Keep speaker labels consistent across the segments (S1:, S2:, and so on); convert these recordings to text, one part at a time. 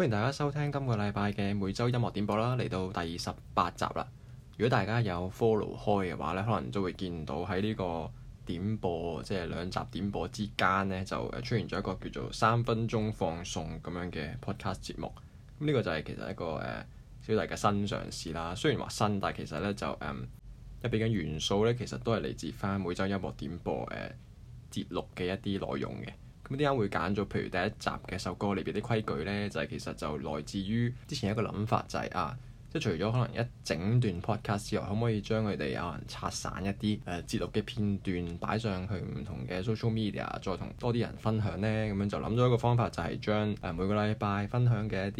S1: .歡迎大家收聽今個禮拜嘅每周音樂點播啦，嚟到第十八集啦。如果大家有 follow 開嘅話呢，可能都會見到喺呢個點播，即係兩集點播之間呢就出現咗一個叫做三分鐘放送咁樣嘅 podcast 節目。咁呢個就係其實一個誒小弟嘅新嘗試啦。雖然話新，但係其實呢就誒入邊嘅元素呢，其實都係嚟自翻每周音樂點播誒節錄嘅一啲內容嘅。咁點解會揀咗，譬如第一集嘅首歌裏邊啲規矩呢，就係、是、其實就來自於之前一個諗法、就是，就係啊，即係除咗可能一整段 podcast 之外，可唔可以將佢哋有人拆散一啲誒、呃、節錄嘅片段擺上去唔同嘅 social media，再同多啲人分享呢？咁樣就諗咗一個方法就，就係將誒每個禮拜分享嘅一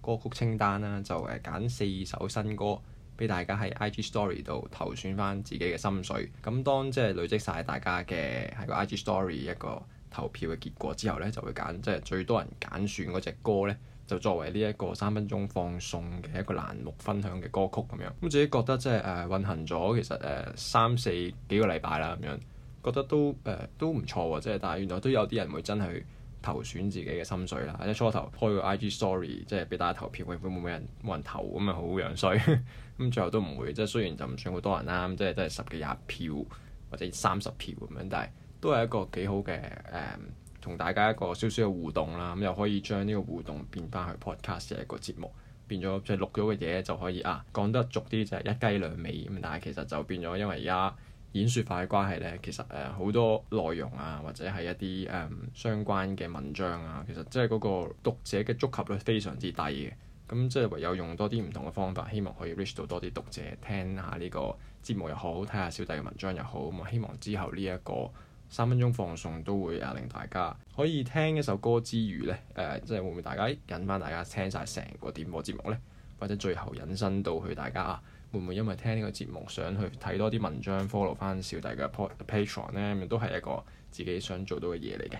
S1: 啲歌曲清單啦、啊，就誒揀、呃、四首新歌俾大家喺 i g story 度投選返自己嘅心水。咁當即係累積晒大家嘅喺個 i g story 一個。投票嘅結果之後呢，就會揀即係最多人揀選嗰隻歌呢，就作為呢一個三分鐘放送嘅一個欄目分享嘅歌曲咁樣。咁自己覺得即係誒、呃、運行咗其實誒、呃、三四幾個禮拜啦咁樣，覺得都誒、呃、都唔錯喎、啊。即係但係原來都有啲人會真係投選自己嘅心水啦。喺初頭開個 IG story 即係俾大家投票，會會冇咩人冇人投咁啊，好樣衰。咁 最後都唔會，即係雖然就唔算好多人啦，即係都係十幾廿票或者三十票咁樣，但係。都係一個幾好嘅誒，同、嗯、大家一個少少嘅互動啦。咁、嗯、又可以將呢個互動變翻去 podcast 嘅一個節目，變咗即係錄咗嘅嘢就可以啊，講得俗啲就係一雞兩味咁、嗯。但係其實就變咗，因為而家演算法嘅關係呢，其實誒好、呃、多內容啊，或者係一啲誒、嗯、相關嘅文章啊，其實即係嗰個讀者嘅觸及率非常之低嘅。咁即係唯有用多啲唔同嘅方法，希望可以 reach 到多啲讀者聽下呢個節目又好，睇下小弟嘅文章又好。咁、嗯、希望之後呢、這、一個。三分鐘放送都會啊，令大家可以聽一首歌之餘咧，誒、呃，即係會唔會大家引翻大家聽晒成個點播節目呢？或者最後引申到去大家啊，會唔會因為聽呢個節目想去睇多啲文章，follow 翻小弟嘅 Patreon 呢，都係一個自己想做到嘅嘢嚟嘅。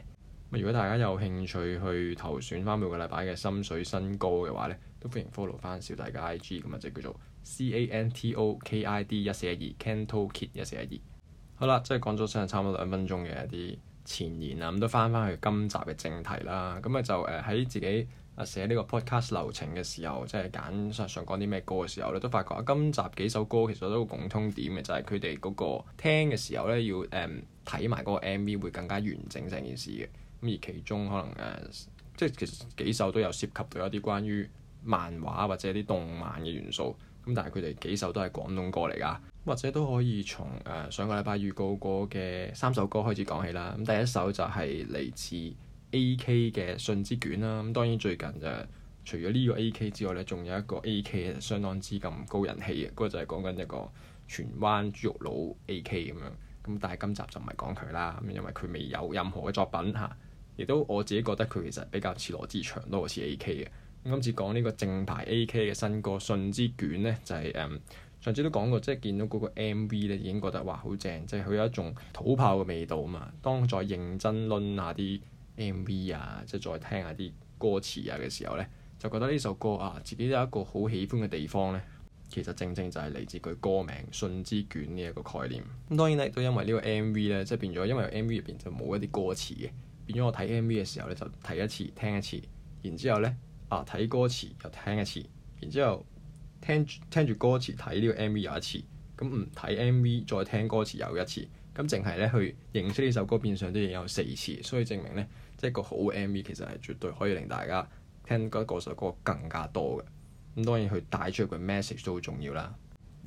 S1: 如果大家有興趣去投選翻每個禮拜嘅心水新歌嘅話呢，都歡迎 follow 翻小弟嘅 IG，咁啊就叫做 c a n t o k i d 一四一二，canto kid 一四一二。好啦，即係講咗差唔多兩分鐘嘅一啲前言啦，咁都翻翻去今集嘅正題啦。咁啊就誒喺自己啊寫呢個 podcast 流程嘅時候，即係揀上講啲咩歌嘅時候咧，都發覺啊今集幾首歌其實都有個共通點嘅，就係佢哋嗰個聽嘅時候咧要誒睇埋嗰個 MV 會更加完整成件事嘅。咁而其中可能誒即係其實幾首都有涉及到一啲關於漫畫或者係啲動漫嘅元素。咁但係佢哋幾首都係廣東歌嚟噶。或者都可以從誒、呃、上個禮拜預告過嘅三首歌開始講起啦。咁、嗯、第一首就係嚟自 AK 嘅《信之卷》啦。咁、嗯、當然最近就除咗呢個 AK 之外咧，仲有一個 AK 係相當之咁高人氣嘅。嗰、那個就係講緊一個荃灣豬肉佬 AK 咁樣。咁、嗯、但係今集就唔係講佢啦，咁因為佢未有任何嘅作品嚇。亦、啊、都我自己覺得佢其實比較似羅志祥都好似 AK 嘅。咁、嗯、今次講呢個正牌 AK 嘅新歌《信之卷》咧，就係、是、誒。嗯上次都講過，即係見到嗰個 MV 咧，已經覺得哇好正，即係佢有一種土炮嘅味道啊嘛。當再認真攆下啲 MV 啊，即係再聽下啲歌詞啊嘅時候咧，就覺得呢首歌啊，自己有一個好喜歡嘅地方咧，其實正正就係嚟自佢歌名《信之卷》呢一個概念。咁當然咧，都因為個呢個 MV 咧，即係變咗，因為 MV 入邊就冇一啲歌詞嘅，變咗我睇 MV 嘅時候咧，就睇一次聽一次，然之後咧，啊睇歌詞又聽一次，然之後。啊聽住歌詞，睇呢個 M V 有一次咁，唔睇 M V，再聽歌詞有一次咁，淨係咧去認識呢首歌，變相都已有四次，所以證明咧，即係個好 M V 其實係絕對可以令大家聽嗰首歌更加多嘅。咁當然佢帶出去嘅 message 都好重要啦。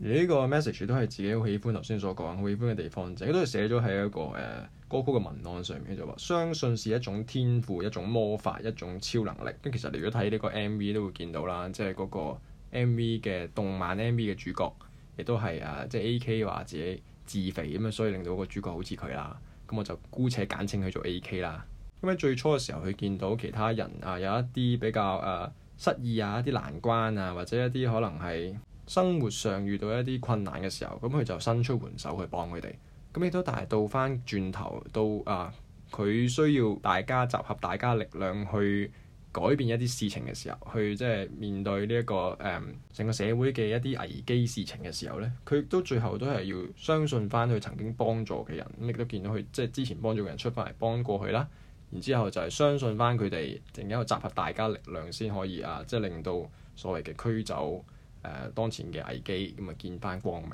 S1: 而呢、嗯、個 message 都係自己好喜歡，頭先所講好喜歡嘅地方啫。佢都係寫咗喺一個誒、呃、歌曲嘅文案上面就話：相信係一種天賦，一種魔法，一種超能力。咁其實嚟咗睇呢個 M V 都會見到啦，即係嗰、那個。M.V. 嘅動漫 M.V. 嘅主角，亦都係誒，即、啊、係、就是、A.K. 話自己自肥咁樣，所以令到個主角好似佢啦。咁我就姑且簡稱佢做 A.K. 啦。咁喺最初嘅時候，佢見到其他人啊，有一啲比較誒、啊、失意啊、一啲難關啊，或者一啲可能係生活上遇到一啲困難嘅時候，咁佢就伸出援手去幫佢哋。咁亦都，大係但係到翻轉頭，到啊，佢需要大家集合大家力量去改變一啲事情嘅時候，去即係面對呢、這、一個誒、嗯，整個社會嘅一啲危機事情嘅時候呢，佢都最後都係要相信翻佢曾經幫助嘅人，咁亦都見到佢即係之前幫助嘅人出翻嚟幫過佢啦。然之後就係相信翻佢哋，陣間集合大家力量先可以啊，即、就、係、是、令到所謂嘅驅走誒、呃、當前嘅危機，咁啊見翻光明。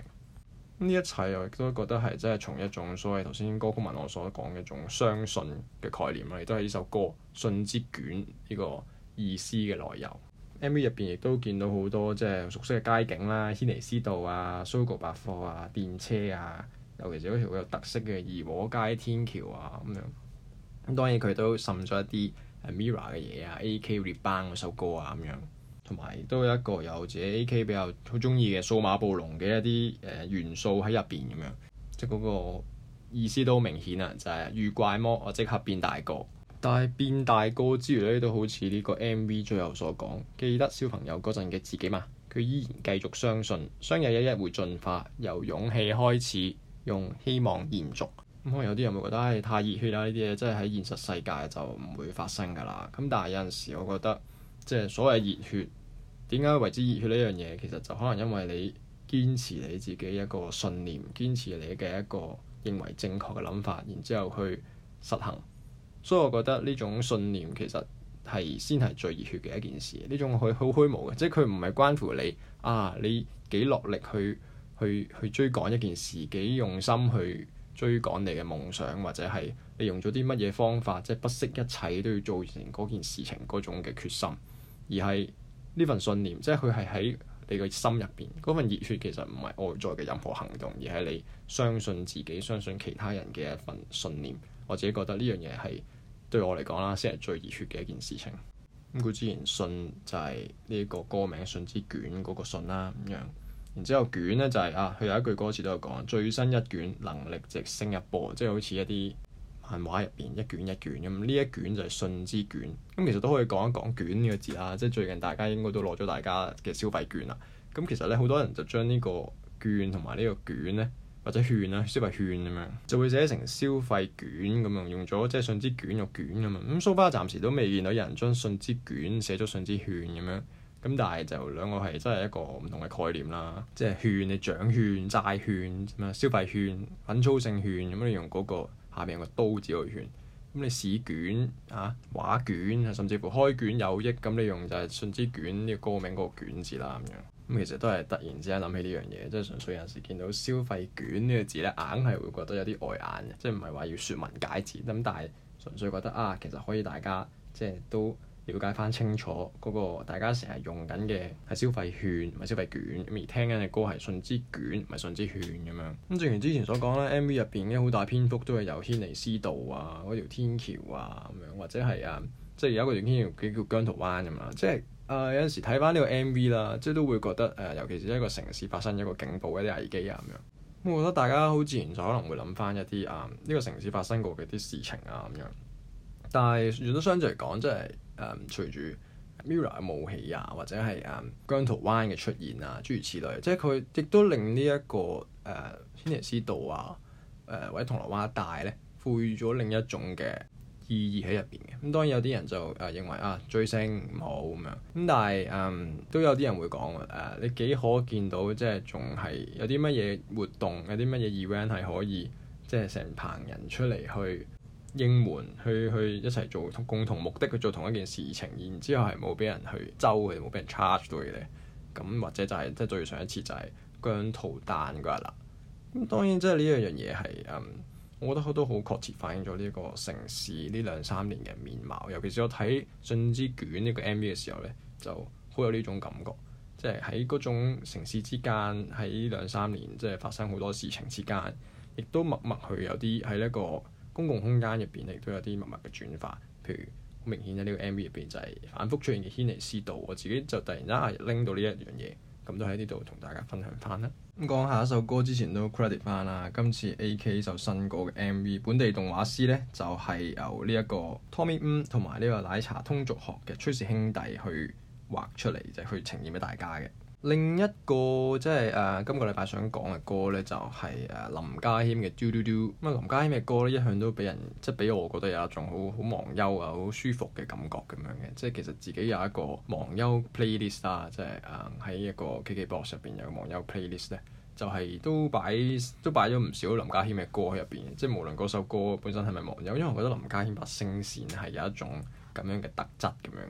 S1: 呢一切我都覺得係真係從一種所謂頭先歌曲文我所講嘅一種相信嘅概念啦，亦都係呢首歌《信之卷》呢個意思嘅來由。MV 入邊亦都見到好多即係熟悉嘅街景啦，軒尼詩道啊、Sogo 百貨啊、電車啊，尤其是嗰條有特色嘅怡和街天橋啊咁樣。咁當然佢都滲咗一啲 Mirror 嘅嘢啊，《A.K. Rebound》嗰首歌啊咁樣。同埋都有一個有自己 A.K. 比較好中意嘅數碼暴龍嘅一啲誒元素喺入邊咁樣，即係嗰個意思都好明顯啊！就係、是、遇怪魔我即刻變大個，但係變大個之餘咧都好似呢個 M.V. 最後所講，記得小朋友嗰陣嘅自己嘛，佢依然繼續相信，相信一日會進化，由勇氣開始，用希望延續。咁、嗯、可能有啲人會覺得唉、哎、太熱血啦，呢啲嘢即係喺現實世界就唔會發生㗎啦。咁但係有陣時我覺得即係所謂熱血。點解為之熱血呢一樣嘢？其實就可能因為你堅持你自己一個信念，堅持你嘅一個認為正確嘅諗法，然之後去實行。所以我覺得呢種信念其實係先係最熱血嘅一件事。呢種佢好虛無嘅，即係佢唔係關乎你啊，你幾落力去去去追趕一件事，幾用心去追趕你嘅夢想，或者係你用咗啲乜嘢方法，即係不惜一切都要做成嗰件事情嗰種嘅決心，而係。呢份信念，即係佢係喺你個心入邊嗰份熱血，其實唔係外在嘅任何行動，而係你相信自己、相信其他人嘅一份信念。我自己覺得呢樣嘢係對我嚟講啦，先係最熱血嘅一件事情。咁佢之前信就係呢個歌名《信之卷》嗰個信啦咁樣，然之後卷呢、就係，就係啊，佢有一句歌詞都有講最新一卷能力值升一波，即係好似一啲漫畫入邊一卷一卷咁，呢一卷就係信之卷咁、嗯，其實都可以講一講卷呢個字啦。即係最近大家應該都攞咗大家嘅消費券啦。咁、嗯、其實咧，好多人就將呢個券同埋呢個卷咧，或者券啊，消費券咁樣，就會寫成消費卷咁樣，用咗即係信之卷個卷咁啊。咁蘇巴暫時都未見到有人將信之卷寫咗信之券咁樣。咁、嗯、但係就兩個係真係一個唔同嘅概念啦。即係券，你獎券、債券、咩消費券、品操性券咁樣，你用嗰、那個。下面有個刀字去圈，咁你試卷啊、畫卷，甚至乎開卷有益，咁你用就係信之卷呢個歌名嗰個卷字啦，咁樣。咁其實都係突然之間諗起呢樣嘢，即係純粹有陣時見到消費卷呢個字咧，硬係會覺得有啲礙眼嘅，即係唔係話要説文解字，咁但係純粹覺得啊，其實可以大家即係都。了解翻清楚嗰、那個大家成日用緊嘅係消費券，唔係消費卷，咁。而聽緊嘅歌係信之卷，唔係信之券咁樣。咁正如之前所講啦，M V 入邊咧好大篇幅都係由軒尼詩道啊嗰條天橋啊咁樣，或者係啊，即係有一個連天橋叫叫姜濤灣咁啦。即係啊、呃、有陣時睇翻呢個 M V 啦，即係都會覺得誒、呃，尤其是一個城市發生一個警報、一啲危機啊咁樣。我覺得大家好自然就可能會諗翻一啲啊呢個城市發生過嘅啲事情啊咁樣，但係如果相對嚟講，即係。誒、嗯、隨住 Mirror 嘅冒起啊，或者係誒姜濤灣嘅出現啊，諸如此類，即係佢亦都令呢、這、一個誒軒尼詩道啊，誒或者銅鑼灣一帶咧，賦予咗另一種嘅意義喺入邊嘅。咁、嗯、當然有啲人就誒認為啊追星唔好咁樣，咁、嗯、但係誒、嗯、都有啲人會講誒、呃，你幾可見到即係仲係有啲乜嘢活動，有啲乜嘢 event 係可以即係成棚人出嚟去，應援去去一齊做共同目的，去做同一件事情，然之後係冇俾人去收，佢冇俾人 charge 到佢哋。咁或者就係即係最上一次就係姜濤誕嗰日啦。咁當然即係呢樣嘢係我覺得我都好確切反映咗呢個城市呢兩三年嘅面貌。尤其是我睇《信之卷》呢、這個 M V 嘅時候呢，就好有呢種感覺，即係喺嗰種城市之間，喺兩三年即係、就是、發生好多事情之間，亦都默默去有啲喺一個。公共空間入邊亦都有啲默默嘅轉化，譬如好明顯呢個 MV 入邊就係反覆出現嘅軒尼詩道，我自己就突然之間拎到呢一樣嘢，咁都喺呢度同大家分享翻啦。咁講下一首歌之前都 credit 翻啦，今次 AK 首新歌嘅 MV，本地動畫師咧就係、是、由呢一個 Tommy Um 同埋呢個奶茶通俗學嘅崔氏兄弟去畫出嚟，就是、去呈現俾大家嘅。另一個即係誒、呃，今個禮拜想講嘅歌咧，就係誒林家謙嘅嘟嘟嘟。咁、呃、啊，林家謙嘅 oo, 歌咧，一向都俾人即係俾我覺得有一種好好忘憂啊，好舒服嘅感覺咁樣嘅。即係其實自己有一個忘憂 playlist 啦，即係誒喺一個 KKBOX 入邊有個忘憂 playlist 咧，就係都擺都擺咗唔少林家謙嘅歌喺入邊，即係無論嗰首歌本身係咪忘憂，因為我覺得林家謙把聲線係有一種咁樣嘅特質咁樣。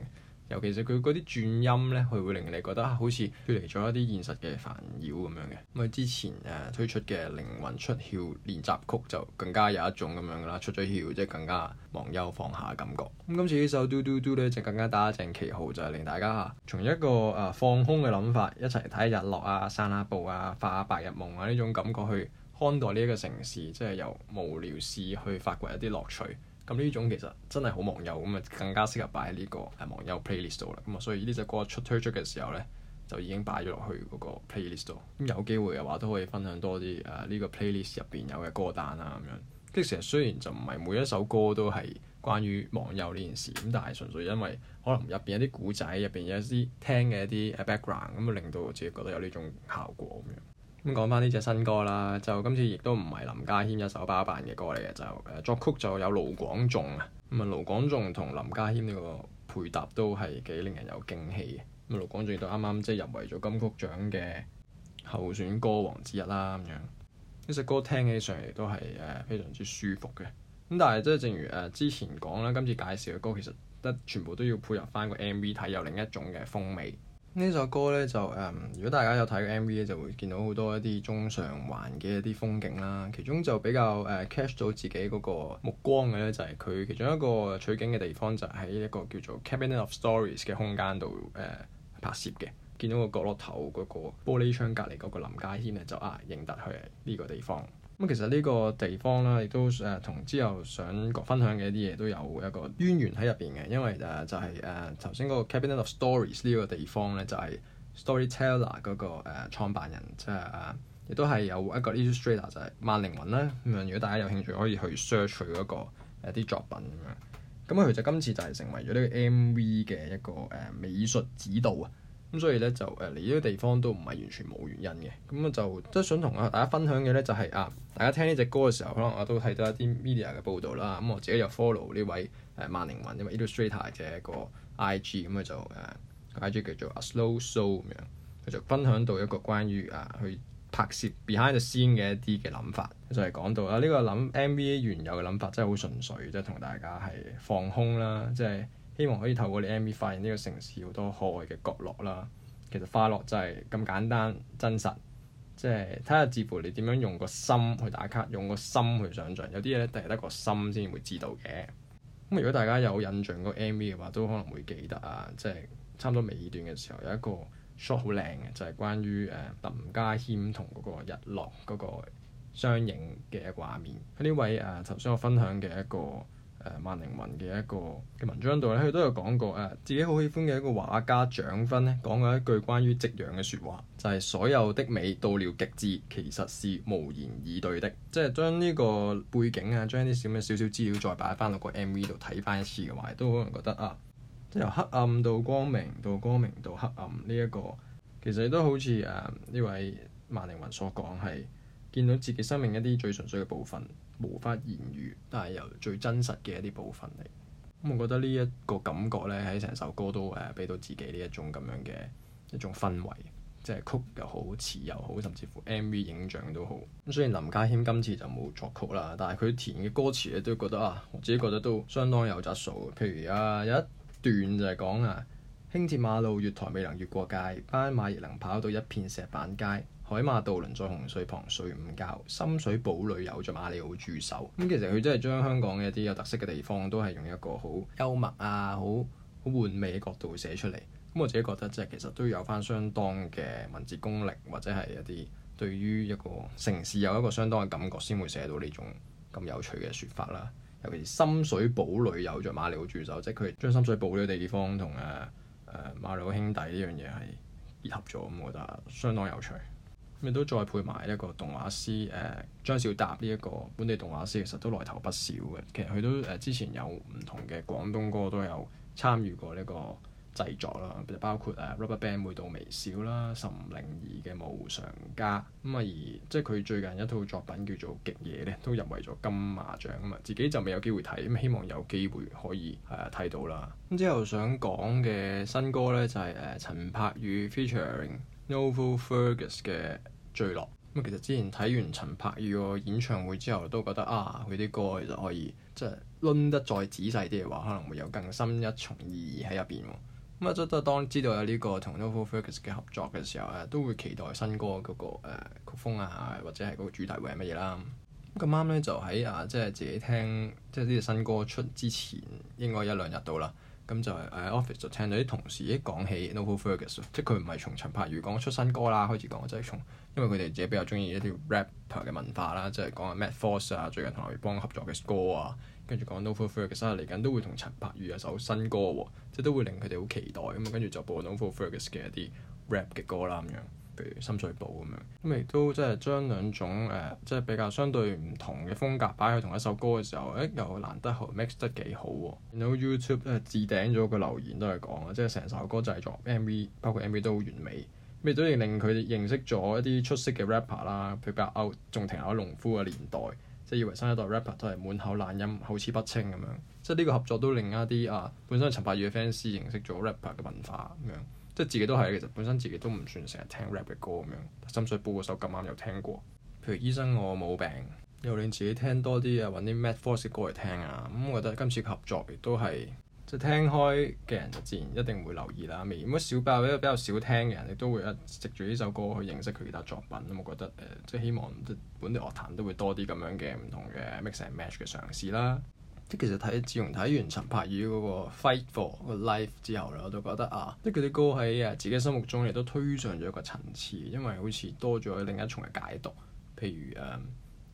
S1: 尤其是佢嗰啲轉音呢佢會令你覺得、啊、好似脱離咗一啲現實嘅煩擾咁樣嘅。咁之前誒、呃、推出嘅《靈魂出竅》練習曲就更加有一種咁樣啦，出咗竅即係更加忘憂放下嘅感覺。咁、嗯、今次呢首《嘟嘟嘟》咧就更加打正旗號，就係、是、令大家從一個誒、呃、放空嘅諗法，一齊睇日落啊、散下步啊、發、啊、白日夢啊呢種感覺去看待呢一個城市，即係由無聊事去發掘一啲樂趣。咁呢種其實真係好忘憂，咁啊更加適合擺喺呢個誒忘憂 playlist 度啦。咁啊，所以呢隻歌出推出嘅時候咧，就已經擺咗落去嗰個 playlist 度。咁有機會嘅話，都可以分享多啲誒呢個 playlist 入邊有嘅歌單啊咁樣。即係成日雖然就唔係每一首歌都係關於忘憂呢件事，咁但係純粹因為可能入邊一啲古仔，入邊有一啲聽嘅一啲 background，咁啊令到我自己覺得有呢種效果咁樣。咁講翻呢隻新歌啦，就今次亦都唔係林家謙一手包辦嘅歌嚟嘅，就作曲就有盧廣仲啊。咁啊，盧廣仲同林家謙呢個配搭都係幾令人有驚喜嘅。咁啊，盧廣仲亦都啱啱即係入圍咗金曲獎嘅候選歌王之一啦。咁樣呢首歌聽起上嚟都係誒非常之舒服嘅。咁但係即係正如誒之前講啦，今次介紹嘅歌其實得全部都要配合翻個 MV 睇，有另一種嘅風味。呢首歌呢，就誒，如果大家有睇過 MV 就會見到好多一啲中上環嘅一啲風景啦。其中就比較誒、呃、catch 到自己嗰個目光嘅咧，就係、是、佢其中一個取景嘅地方，就喺、是、一個叫做 Cabinet of Stories 嘅空間度誒拍攝嘅。見到個角落頭嗰個玻璃窗隔離嗰個林家謙咧，就啊認得佢呢、這個地方。咁其實呢個地方咧，亦都誒同之後想分享嘅一啲嘢都有一個淵源喺入邊嘅，因為誒就係誒頭先嗰個 Cabinet of Stories 呢個地方咧，就係、是、Storyteller 嗰個誒創辦人，即係亦都係有一個 illustrator 就係萬靈雲啦。咁樣如果大家有興趣，可以去 search 佢嗰個一啲作品咁樣。咁啊，其實今次就係成為咗呢個 MV 嘅一個誒美術指導啊。咁所以咧就誒嚟呢個地方都唔係完全冇原因嘅，咁啊就即係想同啊大家分享嘅咧就係、是、啊大家聽呢隻歌嘅時候，可能我都睇到一啲 media 嘅報道啦。咁、嗯、我自己又 follow 呢位誒、啊、萬靈雲，因為 illustrator 嘅一個 IG，咁、嗯、啊就誒 IG 叫做 A Slow Show 咁樣，佢就分享到一個關於啊去拍攝 behind the scene 嘅一啲嘅諗法，就係講到啊呢、這個諗 MV 原有嘅諗法真係好純粹，即係同大家係放空啦，即、就、係、是。希望可以透過你 M.V. 發現呢個城市好多可愛嘅角落啦。其實快樂就係咁簡單真實，即係睇下視乎你點樣用個心去打卡，用個心去想像。有啲嘢咧第係得一個心先會知道嘅。咁如果大家有印象個 M.V. 嘅話，都可能會記得啊。即、就、係、是、差唔多尾段嘅時候有一個 shot 好靚嘅，就係、是、關於誒、呃、林家謙同嗰個日落嗰個相映嘅一個畫面。呢位誒頭先我分享嘅一個。誒、呃、萬靈文嘅一個嘅文章度咧，佢都有講過誒、啊、自己好喜歡嘅一個畫家蔣勳咧，講過一句關於夕陽嘅説話，就係、是、所有的美到了極致，其實是無言以對的。即係將呢個背景啊，將啲少少資料再擺翻落個 MV 度睇翻一次嘅話，都可能覺得啊，即由黑暗到光明，到光明到黑暗呢、這、一個，其實都好似誒呢位萬靈文所講係。見到自己生命一啲最純粹嘅部分，無法言喻，但係由最真實嘅一啲部分嚟。咁我覺得呢一個感覺呢，喺成首歌都誒俾到自己呢一種咁樣嘅一種氛圍，即係曲又好，詞又好，甚至乎 MV 影像都好。咁雖然林家謙今次就冇作曲啦，但係佢填嘅歌詞咧，都覺得啊，我自己覺得都相當有質素。譬如啊，有一段就係講啊，輕鐵馬路越台未能越過界，斑馬亦能跑到一片石板街。海馬渡輪在洪水旁睡午覺，深水埗裡有著馬里奧駐守。咁其實佢真係將香港嘅一啲有特色嘅地方都係用一個好幽默啊，好好玩味嘅角度寫出嚟。咁我自己覺得，即係其實都有翻相當嘅文字功力，或者係一啲對於一個城市有一個相當嘅感覺，先會寫到呢種咁有趣嘅說法啦。尤其是深水埗裡有著馬里奧駐守，即係佢將深水埗呢個地方同誒誒馬里奧兄弟呢樣嘢係結合咗。咁我覺得相當有趣。咁亦都再配埋一個動畫師，誒、啊、張小達呢一個本地動畫師，其實都來頭不少嘅。其實佢都誒、啊、之前有唔同嘅廣東歌都有參與過呢個製作啦，包括啊《Rubber Band》每道微笑啦，《岑、啊、寧兒》嘅無常家咁啊。而即係佢最近一套作品叫做《極夜》咧，都入圍咗金馬獎啊嘛。自己就未有機會睇，咁希望有機會可以係睇、啊、到啦。咁、啊、之後想講嘅新歌咧就係、是、誒、啊、陳柏宇 featuring Novel Fergus 嘅。墜落。咁其實之前睇完陳柏宇個演唱會之後，都覺得啊，佢啲歌其實可以即係攆得再仔細啲嘅話，可能會有更深一重意義喺入邊咁啊！即當知道有呢個同 Novel Fergus 嘅合作嘅時候啊，都會期待新歌嗰個、呃、曲風啊，或者係嗰個主題會係乜嘢啦。咁啱咧，就喺啊，即係自己聽即係呢啲新歌出之前應該一兩日到啦。咁、嗯、就係 Office 就聽到啲同事一講起 Novel Fergus，即係佢唔係從陳柏宇講出新歌啦，開始講，就係從因為佢哋自己比較中意一啲 rapper 嘅文化啦，即係講阿 Matt Force 啊，最近同劉玉邦合作嘅歌啊，跟住講 Novel Fergus 啊，嚟緊都會同陳柏宇有首新歌喎、啊，即係都會令佢哋好期待咁，跟住就播 Novel Fergus 嘅一啲 rap 嘅歌啦咁、啊、樣。譬如深水埗咁樣，咁亦都即係將兩種誒，即、呃、係、就是、比較相對唔同嘅風格擺喺同一首歌嘅時候，誒、呃、又難得 mix 得幾好喎、啊。You n know, YouTube 都咧置頂咗個留言都係講即係成首歌製作 MV，包括 MV 都好完美，亦都令佢認識咗一啲出色嘅 rapper 啦。譬如比較 out 仲停留喺農夫嘅年代，即係以為新一代 rapper 都係滿口懶音、口齒不清咁樣。即係呢個合作都令一啲啊，本身陳柏宇嘅 fans 認識咗 rapper 嘅文化咁樣。即係自己都係，其實本身自己都唔算成日聽 rap 嘅歌咁樣，心水播嗰首咁啱又聽過。譬如醫生我冇病，又令自己多聽多啲啊，揾啲 Mad Force 嘅歌嚟聽啊。咁、嗯、覺得今次合作亦都係，即、就、係、是、聽開嘅人就自然一定會留意啦。如果小爆比較少聽嘅人，亦都會啊，藉住呢首歌去認識佢其，其他作品。咁、嗯、我覺得誒、呃，即係希望即本地樂壇都會多啲咁樣嘅唔同嘅 mix and match 嘅嘗試啦。即其實睇自從睇完陳柏宇嗰個《Fight for a Life》之後咧，我都覺得啊，即佢啲歌喺誒自己心目中亦都推進咗一個層次，因為好似多咗另一重嘅解讀，譬如誒、嗯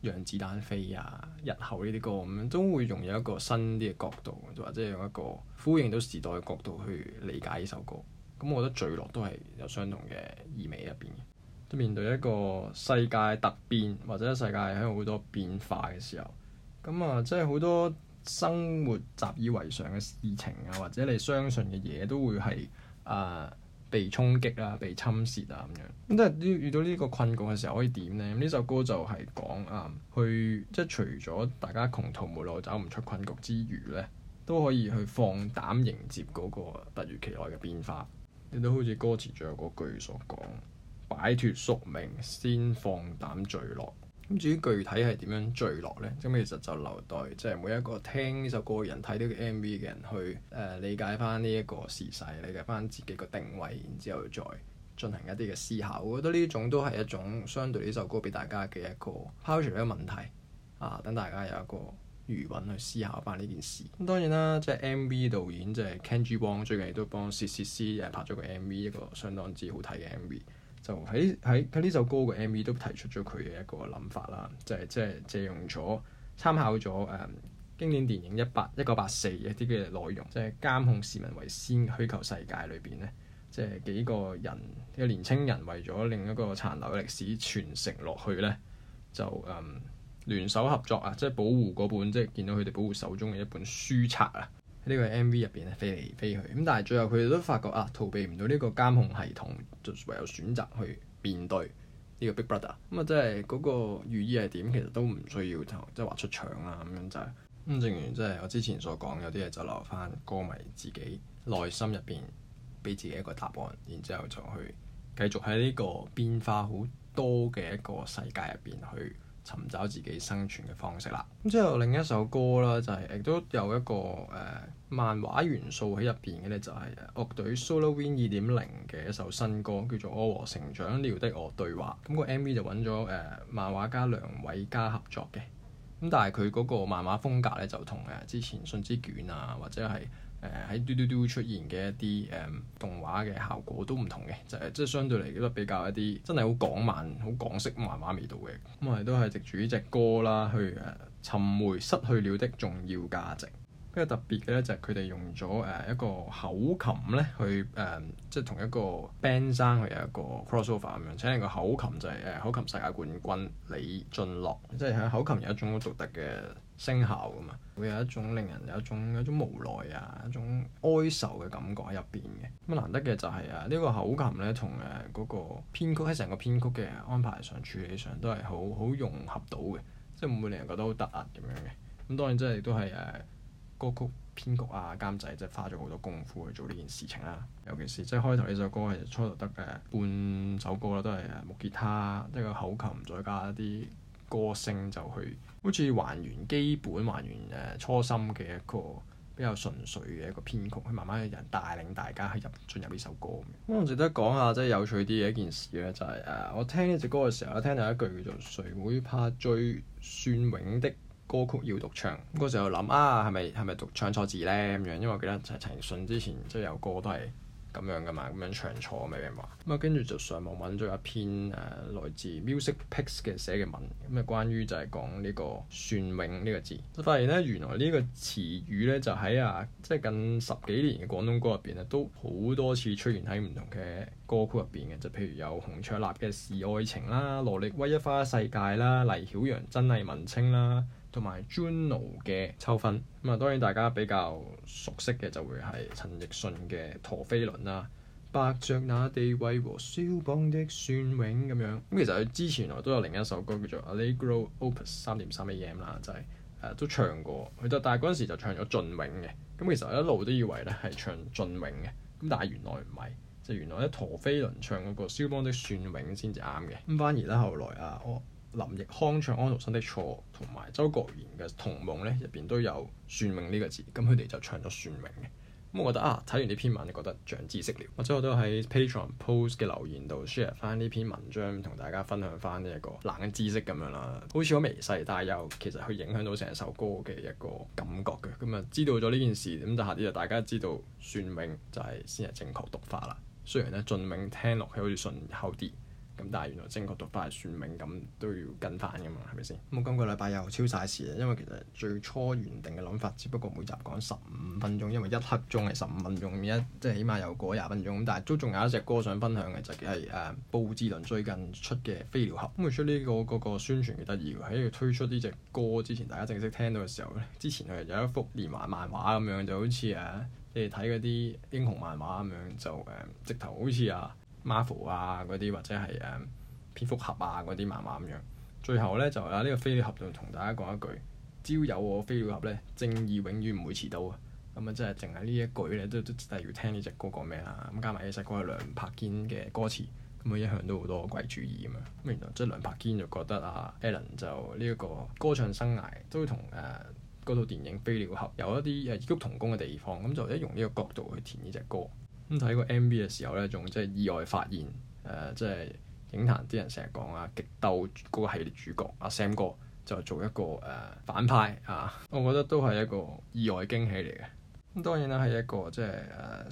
S1: 《讓子彈飛》啊，《日後》呢啲歌咁樣，都會用一個新啲嘅角度，或者用一個呼應到時代嘅角度去理解呢首歌。咁我覺得《墜落》都係有相同嘅意味喺入邊嘅。即面對一個世界突變，或者世界喺好多變化嘅時候，咁啊，即係好多。生活習以為常嘅事情啊，或者你相信嘅嘢都會係誒、呃、被衝擊啊、被侵蝕啊咁樣。咁即係遇到呢個困局嘅時候可以點呢？咁呢、嗯、首歌就係講誒、嗯，去即係除咗大家窮途末路、走唔出困局之餘呢，都可以去放膽迎接嗰個突如其來嘅變化。亦都好似歌詞最後嗰句所講：擺脫宿命，先放膽墜落。咁至於具體係點樣墜落呢？咁其實就留待即係每一個聽呢首歌人、睇呢個 MV 嘅人去誒、呃、理解翻呢一個時勢，理解翻自己個定位，然之後再進行一啲嘅思考。我覺得呢種都係一種相對呢首歌俾大家嘅一個拋出嘅問題啊，等大家有一個餘韻去思考翻呢件事。咁、嗯、當然啦，即、就、係、是、MV 導演即係 Kenji Wang，最近亦都幫薛薛斯誒拍咗個 MV，一個相當之好睇嘅 MV。就喺喺喺呢首歌嘅 MV 都提出咗佢嘅一個諗法啦，即係即係借用咗參考咗誒、嗯、經典電影一八一九八四一啲嘅內容，即係監控市民為先虛構世界裏邊咧，即係幾個人一個年青人為咗另一個殘留嘅歷史傳承落去咧，就嗯聯手合作啊，即係保護嗰本，即係見到佢哋保護手中嘅一本書冊啊。呢個 MV 入邊咧飛嚟飛去，咁但係最後佢哋都發覺啊，逃避唔到呢個監控系統，就唯有選擇去面對呢個 Big Brother。咁啊，即係嗰個寓意係點，其實都唔需要同即係話出場啦、啊、咁樣就係。咁正如即係我之前所講，有啲嘢就留翻歌迷自己內心入邊，畀自己一個答案，然之後就去繼續喺呢個變化好多嘅一個世界入邊去，尋找自己生存嘅方式啦。咁之後另一首歌啦，就係、是、亦都有一個誒、呃、漫畫元素喺入邊嘅咧，就係、是、樂隊 Zolarwind 二點零嘅一首新歌，叫做《我和成長了的我對話》那個。咁個 MV 就揾咗誒漫畫家梁偉嘉合作嘅。咁但係佢嗰個漫畫風格咧，就同誒之前信之卷啊，或者係。誒喺嘟嘟嘟出現嘅一啲誒、嗯、動畫嘅效果都唔同嘅，就係、是、即係相對嚟講都比較一啲真係好港漫好港式漫畫味道嘅，咁我哋都係藉住呢隻歌啦，去誒尋回失去了的重要價值。比較特別嘅咧，就係佢哋用咗誒一個口琴咧，去誒、嗯、即係同一個 band 生去有一個 crossover 咁樣。請嚟個口琴就係、是、誒口琴世界冠軍李俊樂，即係口琴有一種好獨特嘅聲效㗎嘛，會有一種令人有一種有一種無奈啊，一種哀愁嘅感覺喺入邊嘅。咁啊，難得嘅就係啊呢個口琴咧，同誒嗰個編曲喺成個編曲嘅安排上處理上都係好好融合到嘅，即係唔會令人覺得好突壓咁樣嘅。咁當然即、就、係、是、都係誒。啊歌曲編曲啊，監製即係花咗好多功夫去做呢件事情啦。尤其是即係開頭呢首歌，其實初頭得誒半首歌啦，都係木吉他、即一個口琴，再加一啲歌聲就去，好似還原基本、還原誒初心嘅一個比較純粹嘅一個編曲，去慢慢嘅人帶領大家去入進入呢首歌。咁啊，值得講下即係有趣啲嘅一件事咧，就係、是、誒我聽呢隻歌嘅時候，我聽到一句叫做「誰會怕最雋永的」。歌曲要讀唱，嗰時候諗啊，係咪係咪讀唱錯字呢？咁樣，因為我記得陳奕迅之前即係、就是、有歌都係咁樣噶嘛，咁樣唱錯咪嘛。咁啊，跟住就上網揾咗一篇誒、啊、來自 MusicPix 嘅寫嘅文，咁啊關於就係講呢、這個雋永呢個字。我發現咧，原來呢個詞語呢，就喺啊即係、就是、近十幾年嘅廣東歌入邊咧都好多次出現喺唔同嘅歌曲入邊嘅，就譬如有洪卓立嘅是愛情啦、羅力威一花世界啦、黎曉陽真係文青啦。同埋 Juno 嘅秋分，咁啊當然大家比較熟悉嘅就會係陳奕迅嘅《陀飛輪》啦，《伯爵那地位》和肖邦的《船永》咁樣，咁其實佢之前我都有另一首歌叫做《Allegro Opus 三點三 a.m.》啦，就係、是、誒、啊、都唱過，佢就但係嗰陣時就唱咗《盡永》嘅，咁其實一路都以為咧係唱盡《盡永》嘅，咁但係原來唔係，就是、原來咧《陀飛輪》唱嗰個肖邦的，的《船永》先至啱嘅，咁反而咧後來啊我。林奕匡唱《安徒生的錯》同埋周國賢嘅《同夢》咧，入邊都有算命呢個字，咁佢哋就唱咗算命嘅。咁、啊、我覺得啊，睇完呢篇文你覺得長知識了。或者我都喺 Patreon post 嘅留言度 share 翻呢篇文章，同大家分享翻呢一個冷知識咁樣啦。好似好微細，但係又其實佢影響到成首歌嘅一個感覺嘅。咁、嗯、啊，知道咗呢件事，咁就下啲就大家就知道算命就係先係正確讀法啦。雖然呢，「盡命」聽落去好似順口啲。咁但係原來正確讀法係算命，咁都要跟翻噶嘛，係咪先？咁、嗯、今個禮拜又超晒時啦，因為其實最初原定嘅諗法，只不過每集講十五分鐘，因為一刻鐘係十五分鐘，而家即係起碼又過廿分鐘。咁但係都仲有一隻歌想分享嘅，就係、是、誒、呃，布志綸最近出嘅《飛鳥俠》。咁佢、嗯、出呢、這個嗰、那個宣傳幾得意，喺佢推出呢隻歌之前，大家正式聽到嘅時候咧，之前佢有一幅連環漫畫咁樣，就好似誒、啊，你哋睇嗰啲英雄漫畫咁樣，就誒，直頭好似啊～Marvel 啊，嗰啲或者係誒蝙蝠俠啊嗰啲漫畫咁樣，最後咧就啊呢個飛鳥俠就同大家講一句：只要有我飛鳥俠咧，正義永遠唔會遲到啊！咁啊，即係淨係呢一句咧，都都但係要聽呢隻歌講咩啊？咁加埋呢隻歌係梁柏堅嘅歌詞，咁啊一向都好多鬼主意咁啊！咁原來即係梁柏堅就覺得啊 Allen 就呢一個歌唱生涯都會同誒嗰套電影《飛鳥俠》有一啲異曲同工嘅地方，咁就一用呢個角度去填呢隻歌。咁睇個 MV 嘅時候呢，仲即係意外發現，誒，即係影壇啲人成日講啊，《極鬥》嗰個系列主角阿 Sam 哥就做一個誒反派啊，我覺得都係一個意外驚喜嚟嘅。咁當然啦，喺一個即係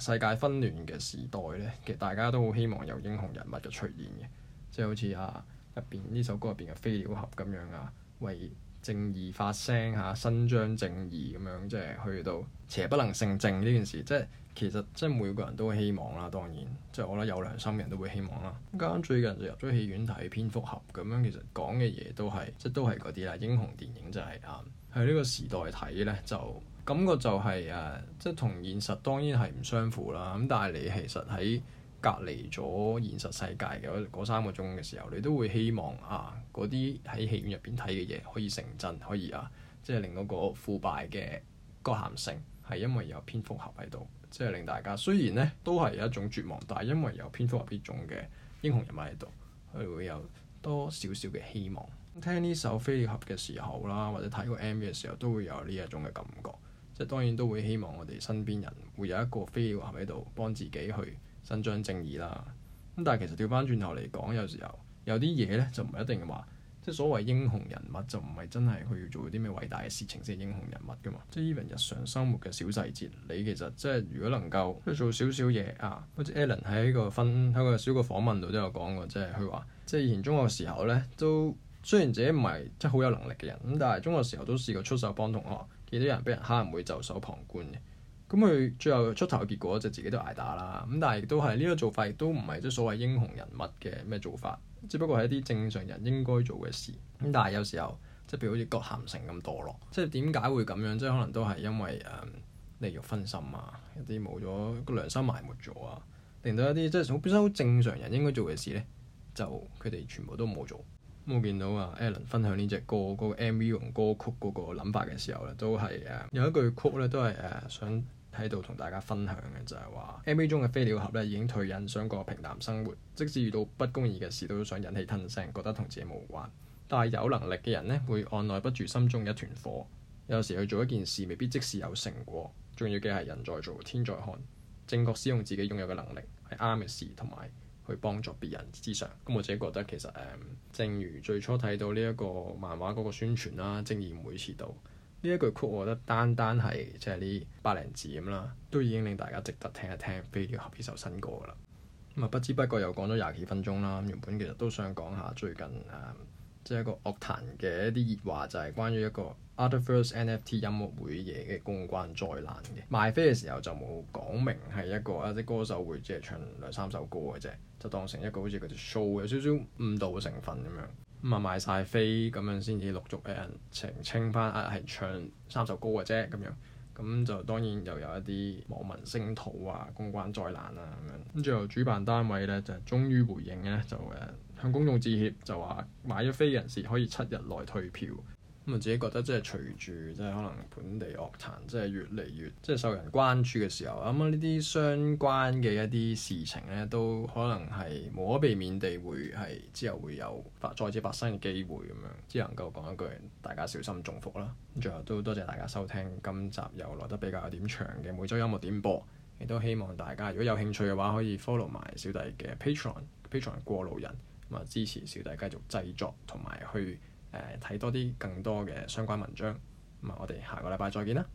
S1: 誒世界紛亂嘅時代呢，其實大家都好希望有英雄人物嘅出現嘅，即係好似阿入邊呢首歌入邊嘅《飛鳥俠》咁樣啊，為正義發聲嚇，伸張正義咁樣，即係去到邪不能勝正呢件事，即係。其實即係每個人都希望啦，當然即係我覺得有良心嘅人都會希望啦。咁啱最近就入咗戲院睇《蝙蝠俠》咁樣，其實講嘅嘢都係即係都係嗰啲啦。英雄電影就係啊喺呢個時代睇咧，就感覺就係誒、啊、即係同現實當然係唔相符啦。咁但係你其實喺隔離咗現實世界嘅嗰三個鐘嘅時,時候，你都會希望啊嗰啲喺戲院入邊睇嘅嘢可以成真，可以啊即係令到個腐敗嘅個鹹性係因為有蝙蝠俠喺度。即係令大家雖然咧都係一種絕望，但係因為有蝙蝠俠呢種嘅英雄人物喺度，佢哋會有多少少嘅希望。聽呢首《飛鳥俠》嘅時候啦，或者睇個 MV 嘅時候，都會有呢一種嘅感覺。即係當然都會希望我哋身邊人會有一個飛鳥俠喺度幫自己去伸張正義啦。咁但係其實調翻轉頭嚟講，有時候有啲嘢咧就唔係一定話。即所謂英雄人物就唔係真係去做啲咩偉大嘅事情先係英雄人物㗎嘛！即係即使日常生活嘅小細節，你其實即係如果能夠做少少嘢啊，好似 Alan 喺個分喺個小個訪問度都有講過，即係佢話即係以前中學時候咧，都雖然自己唔係即係好有能力嘅人咁，但係中學時候都試過出手幫同學，見到人俾人蝦唔會袖手旁觀嘅。咁佢最後出頭嘅結果就自己都捱打啦。咁但係亦都係呢個做法亦都唔係即所謂英雄人物嘅咩做法。只不過係一啲正常人應該做嘅事咁，但係有時候即係譬如好似郭含成咁墮落，即係點解會咁樣？即係可能都係因為誒利欲薰心啊，一啲冇咗個良心埋沒咗啊，令到一啲即係好本身好正常人應該做嘅事咧，就佢哋全部都冇做。咁、嗯、我見到啊 Alan 分享呢隻歌嗰、嗰個 MV 同歌曲嗰個諗法嘅時候咧，都係誒、呃、有一句曲咧都係誒、呃、想。喺度同大家分享嘅就係話，M.V. 中嘅飛鳥盒俠咧已經退隱，想過平淡生活。即使遇到不公義嘅事，都想忍氣吞聲，覺得同自己無關。但係有能力嘅人呢，會按捺不住心中嘅一團火。有時去做一件事，未必即時有成果。重要嘅係人在做，天在看。正確使用自己擁有嘅能力，係啱嘅事，同埋去幫助別人之上。咁我自己覺得其實誒、嗯，正如最初睇到呢一個漫畫嗰個宣傳啦，正義唔會遲到。呢一句曲，我覺得單單係即係呢百零字咁啦，都已經令大家值得聽一聽飛鳥俠呢首新歌噶啦。咁啊，不知不覺又講咗廿幾分鐘啦。原本其實都想講下最近即係、啊就是、一個樂壇嘅一啲熱話，就係、是、關於一個 Artaverse NFT 音樂會嘢嘅公關災難嘅。賣飛嘅時候就冇講明係一個一啲、就是、歌手會即係唱兩三首歌嘅啫，就當成一個好似佢啲 show 有少少誤導成分咁樣。咁啊買曬飛咁樣先至陸續有人澄清翻，係、啊、唱三首歌嘅啫咁樣，咁就當然又有一啲網民聲討啊，公關災難啊。咁樣。咁最後主辦單位咧就終於回應咧，就誒、呃、向公眾致歉，就話買咗飛嘅人士可以七日內退票。咁、嗯、自己覺得即係隨住即係可能本地樂壇即係越嚟越即係受人關注嘅時候，咁啊呢啲相關嘅一啲事情呢，都可能係無可避免地會係之後會有再次發生嘅機會咁樣。只能夠講一句，大家小心中伏啦。咁最後都多謝大家收聽今集又來得比較有點長嘅每周音樂點播。亦都希望大家如果有興趣嘅話，可以 follow 埋小弟嘅 Patreon，Patreon 過路人咁啊、嗯，支持小弟繼續製作同埋去。誒睇、呃、多啲更多嘅相關文章，咁啊，我哋下個禮拜再見啦！